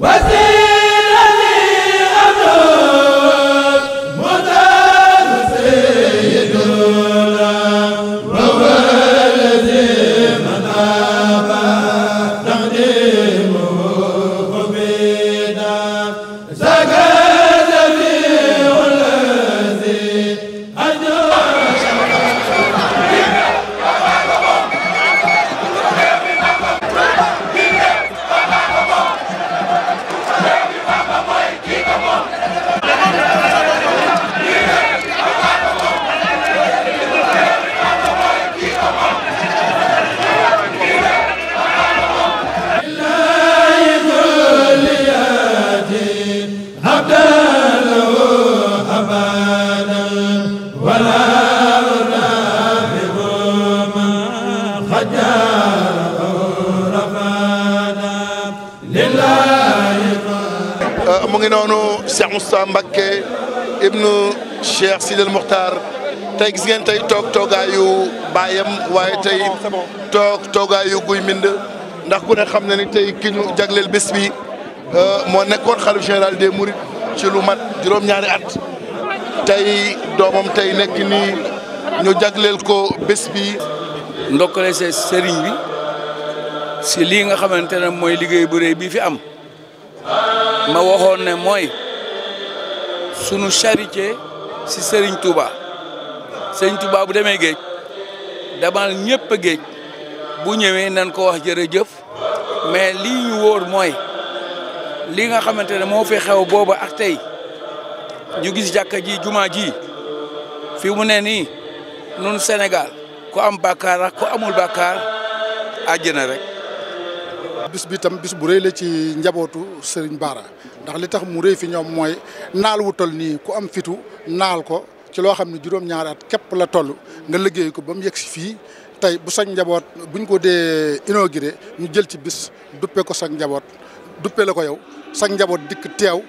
wa Euh, mu ngi noonu Cheikh Moustapha Mbacké ibnu Cheikh Sidel Mokhtar tey gis ngeen tey toog toogaayu baayam waaye tey toog toogaayu guy mbind ndax ku ne xam na ni tey ki jagleel bés bi euh, moo nekkoon xalu général des Mourides ci lu mat juróom-ñaari at tey doomam tey nekk nii ñu jagleel ko bés bi ndokkale see sëriñ bi si lii nga xamante ne mooy liggéey bu réy bi fi am ma waxoon ne mooy sunu charité si sëriñ Touba sëriñ Touba bu demee géej demal ñëpp a géej bu ñëwee nañ ko wax jëf mais lii ñu wóor mooy lii nga xamante ne moo fi xew booba ak tey ñu gis jàkka ji jumaa ji fi mu ne nii nun senegal ku am bàkkaar ak ku amul bàkkaar àjjana rek. bis bi tam bis bu rëy la ci njabootu sëriñ Bara ndax li tax mu rëy fi ñoom mooy naal wu toll nii ku am fitu naal ko ci loo xam ne juróom-ñaari at képp la toll nga liggéey ko ba mu yegg si fii tey bu sax njaboot buñ ko dee inauguré ñu jël ci bis duppe ko sax njaboot duppe la ko yow sax njaboot dikk teew.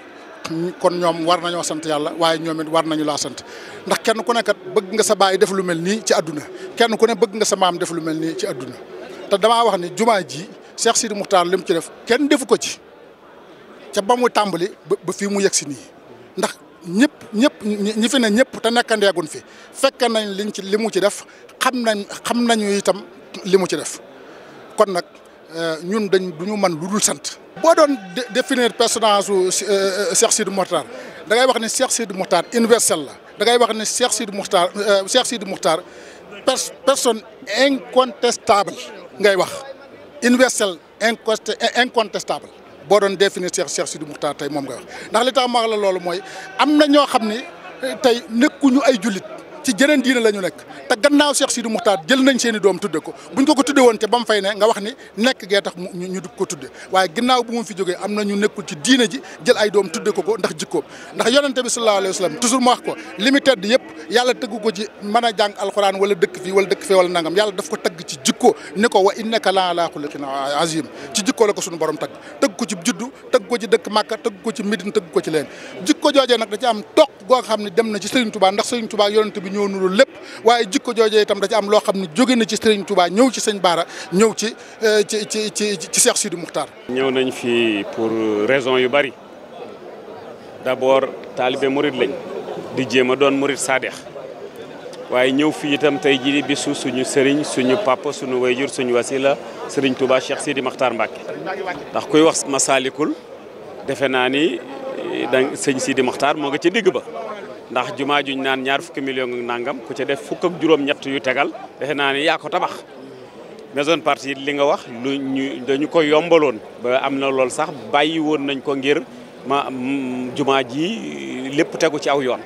kon ñoom war nañoo sant yàlla waaye ñoom it war nañu laa sant ndax kenn ku nekkat bëgg nga sa baay def lu mel nii ci àdduna kenn ku ne bëgg nga sa maam def lu mel nii ci àdduna te damaa wax ni jumaa ji Cheikh Sidi Moukhtar lim ci def kenn defu ko ci ca ba mu tàmbali ba fii mu yegg si nii ndax ñëpp ñëpp ñi fi ne ñëpp te nekkandeegun fi fekk nañ liñ ci li ci def xam nañ xam nañu itam limu ci def kon nag Euh, ñun dañ duñu man luddul sante bo boo doon définir personnage euh, euh, Cheikh sidou Mokhtar da ngay wax ni Cheikh sidou Mokhtar universel la da ngay wax ni Cheikh sidou Mokhtar Cheikh sidou Mokhtar personne incontestable ngay wax universel incontestable bo doon définir Cheikh Cheikh Sidi Mokhtar tey moom ngay wax ndax li tax ma wax la lolu moy am na ñoo xam ne nekkuñu ay jullit. ci jëneen diine la ñu nekk te gannaaw Cheikh Sidi Moukhtar jël doom tudde ko buñ ko ko tudde woon te ba mu fay ne nga wax ni nekk gee am na ñu nekkul ci diine ji jël ay doom tudde ko ko ndax jikkoom ndax yonente bi sallallahu alayhi wa sallam toujours ma wax ko li mu tedd yëpp yàlla tëgg ko ci wala dëkk fii wala dëkk fee yàlla daf ko tagg ci jikko ko wa innaka la ala xuluqin azim ci jikko la ko suñu borom tagg tëgg ko ci juddu tëgg ko ci dëkk Màkka tëgg ko ci Medine tëgg ko ci leen jikko joojee nag da ci am toq goo xam ne dem na ci Serigne Touba ndax Serigne Touba yonente bi bi ñoo nuru lépp waaye jikko joojee itam da ci am loo xam ne jóge na ci Serigne Touba ñëw ci sëñ Baara ñëw ci euh, ci ci ci ci Cheikh ñëw nañ fi pour raison yu bari d'abord taalibe murid lañ di jéem a doon murid saadeex waaye ñëw fi itam tey jii bisu suñu sëriñ suñu papa suñu wayjur suñu wasila sëriñ Touba Cheikh Sidi Moukhtar Mbacke ndax koy wax Masaalikul defe naa ni da sëñ Sidi Moukhtar moo nga ci digg ba. ndax jumaa juñ naan ñaar fukki million nangam ku ci def fukk ak juróom-ñett yu tegal defe naa ne yaa ko tabax maison partie li nga wax lu ñu dañu ko yombaloon ba am na loolu sax bàyyi woon nañ ko ngir ma mm, jumaa ji lépp tegu ci aw yoon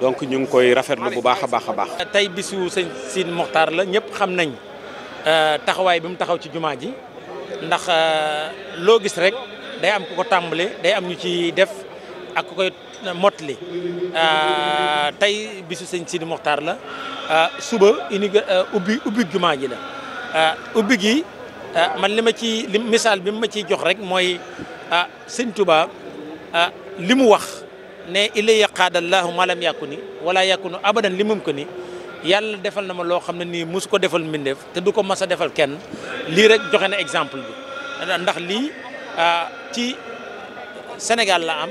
donc ñu ngi koy rafetlu bu baax a baax a baax tey bisu sëñ Sidi Mokhtar la ñëpp xam nañ euh, taxawaay bi mu taxaw ci jumaa ji ndax euh, loo gis rek day am ku ko tàmbale day am ñu ci def ak ku koy mot li euh, tey bisu sëñ Sidi Mokhtar la euh, suba uniga euh, ubbi ubbi jumaa la ubbi gi man li ma ci li misaal bi ma ciy jox rek mooy sëñ Touba li mu wax ne illa qaadallahu ma lam yàkku ni wala yàkku ni abadan li mum ko ni yàlla defal na ma loo xam ne nii mosu ko defal mbindeef te du ko mas a defal kenn lii rek joxe na exemple bi ndax lii ci Sénégal la am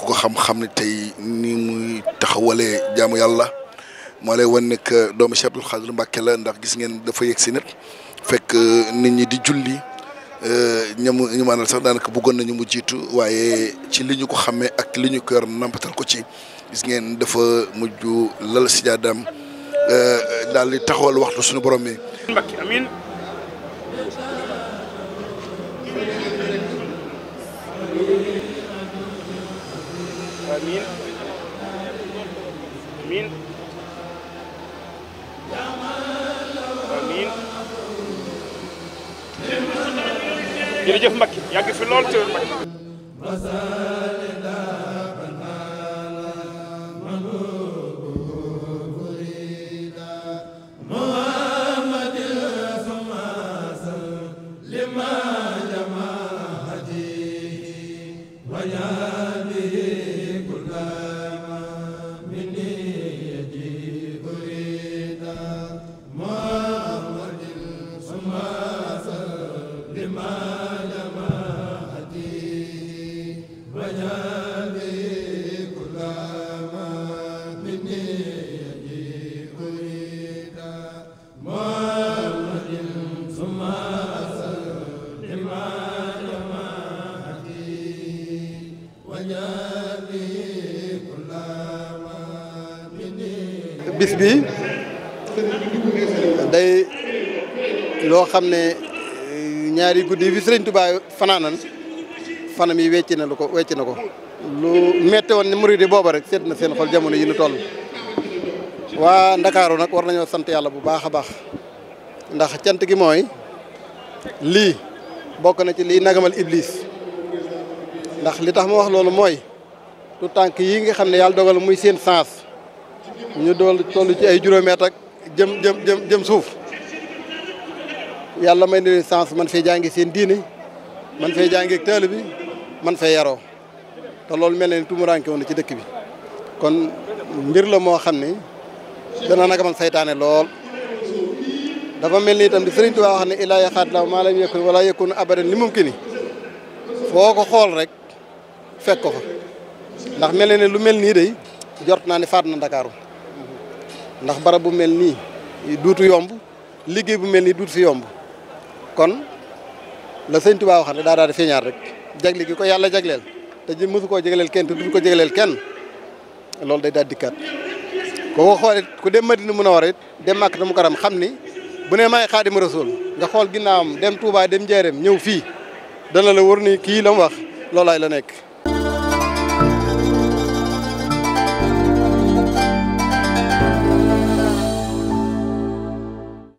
ku ko xam-xam ne tey ni muy taxawalee jaamu yàlla moo lay wan doomu Cheikh Abdoul Khadr la ndax gis ngeen dafa yegg si fekk euh, nit ñi di julli euh, ñamu ñu maanal sax daanaka bëggoon nañu mu jiitu waaye ci li ñu ko xamee ak li ñu ko yor nampatal ko ci gis ngeen dafa mujj lal sijaadaam euh, daal di taxawal waxtu suñu borom mi. آمين آمين آمين jërëjëf Mbacke yàgg fi lool ci Mbacke Vaya bis bi day loo xam ne eh, ñaari guddi yi fi Sëriñ Tuubaa fanaanan fanam yi wecci na lu ko wecci na ko lu metti woon ne murid booba rek seet na seen xol jamono yi nu toll waa Ndakaaru nag war nañoo sant yàlla bu baax a baax ndax cant gi mooy lii bokk na ci lii nagamal Iblis ndax li tax mu wax loolu mooy tu tànk yi nga xam ne yàlla dogal muy seen sens ñu dool toll ci ay juróomi ak jëm jëm jëm jëm suuf yàlla may ne sens man fee jàngi seen diine man fee jàngi ak bi man fee yaroo te loolu mel na ni tumuranke woon na ci dëkk bi kon mbir la moo xam ne dana naka man seytaane lool dafa mel ni itam di Sëriñ Tuubaa wax ne ilaa yaxaat la maa lam yakun wala yakun abadan li mumkin ni foo ko xool rek fekk ko fa ndax mel na ne lu mel nii day jort naa ne faat na Ndakaaru ndax barab bu mel nii duutu yomb liggéey bu mel ni duut fi yomb kon la sëñ Tuubaa waxoon ne daa daal di feeñaat rek jagle gi ko yàlla jagleel te ji mësu koo jagleel kenn te duñ ko jagleel kenn loolu day daal dikkaat boo ko xoolee ku dem Madina Munawara it dem Makkatul karam xam ni bu ne maay Xaadimu Rasuul nga xool am dem tuuba dem Njaaréem ñëw fii dana la wër ni kii lam mu wax loolaay la nekk